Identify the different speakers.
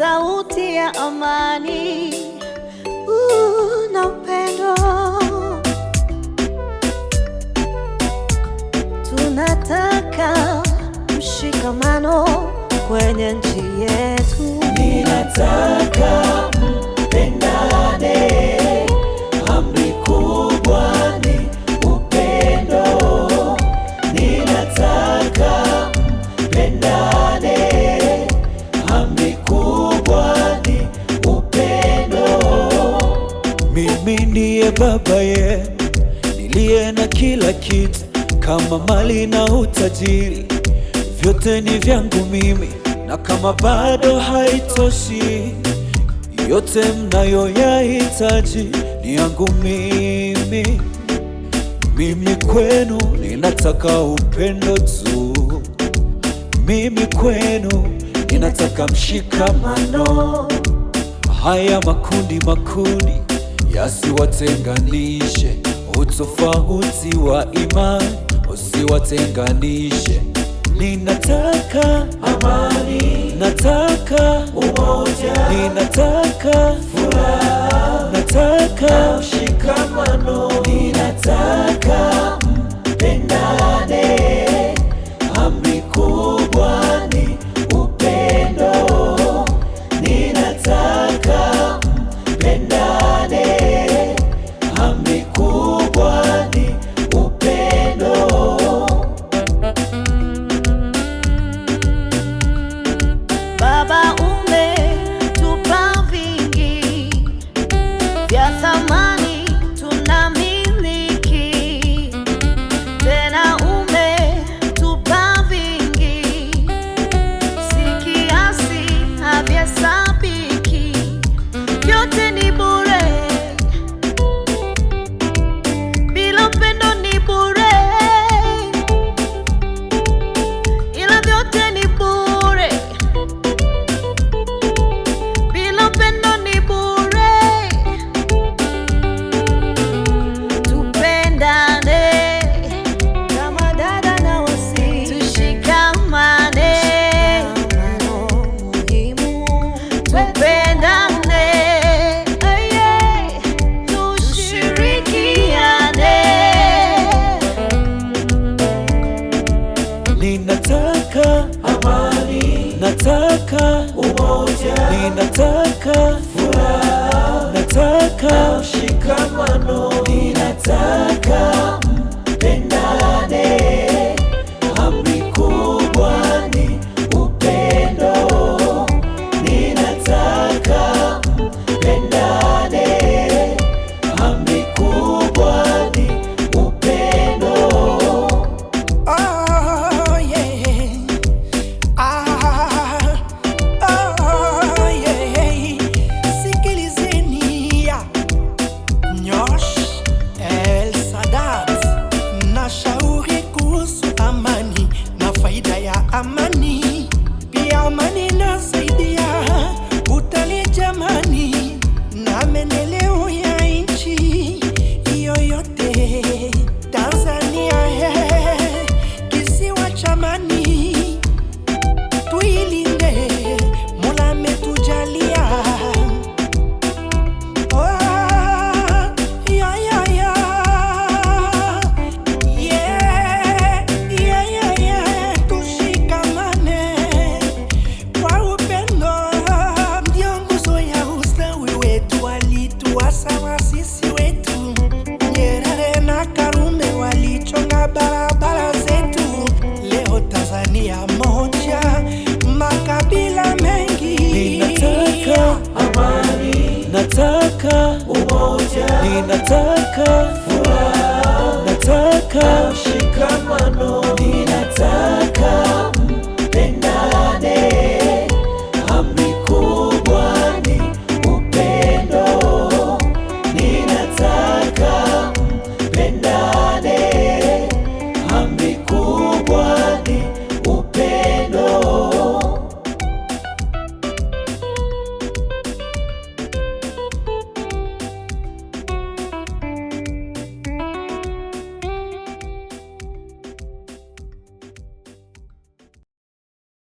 Speaker 1: sauti ya amani na upendo. Tunataka mshikamano kwenye nchi yetu,
Speaker 2: ninataka
Speaker 3: Mimi ndiye baba ye niliye na kila kitu, kama mali na utajiri, vyote ni vyangu mimi, na kama bado haitoshi, yote mnayoyahitaji ni yangu mimi. Mimi kwenu ninataka upendo tu, mimi kwenu ninataka mshikamano. Haya makundi makundi yasiwatenganishe, utofauti wa imani usiwatenganishe. Ninataka
Speaker 2: amani,
Speaker 3: nataka
Speaker 2: umoja,
Speaker 3: ninataka
Speaker 2: furaha,
Speaker 3: nataka
Speaker 2: mshikamano
Speaker 3: kaka
Speaker 1: desire. I'm a familia moja, makabila mengi.
Speaker 3: Ninataka
Speaker 2: amani,
Speaker 3: nataka
Speaker 2: umoja,
Speaker 3: ninataka
Speaker 2: furaha,
Speaker 3: nataka
Speaker 2: mshikamano, ninataka mpendane. Amri kubwa ni upendo, ninataka mpendane. Amri kubwa